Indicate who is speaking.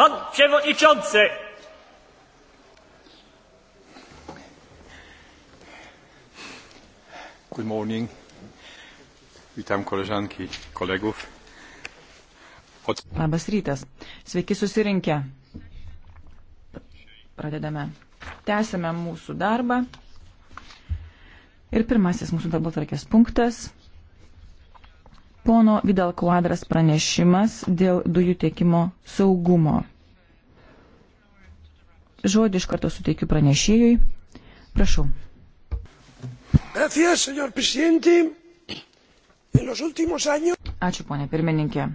Speaker 1: Pan Przewodniczący!
Speaker 2: Good morning. Witam koleżanki, kolegów. Od...
Speaker 3: Labas rytas. Sveiki susirinkę. Pradedame. Tęsime mūsų darbą. Ir pirmasis mūsų darbo tvarkės punktas Pono Vidal Quadras pranešimas dėl dujų tiekimo saugumo. Žodį iš karto suteikiu pranešėjui. Prašau.
Speaker 4: Gracias, señor presidente. En los últimos años.
Speaker 3: Ačiū, ponė pirmininkė.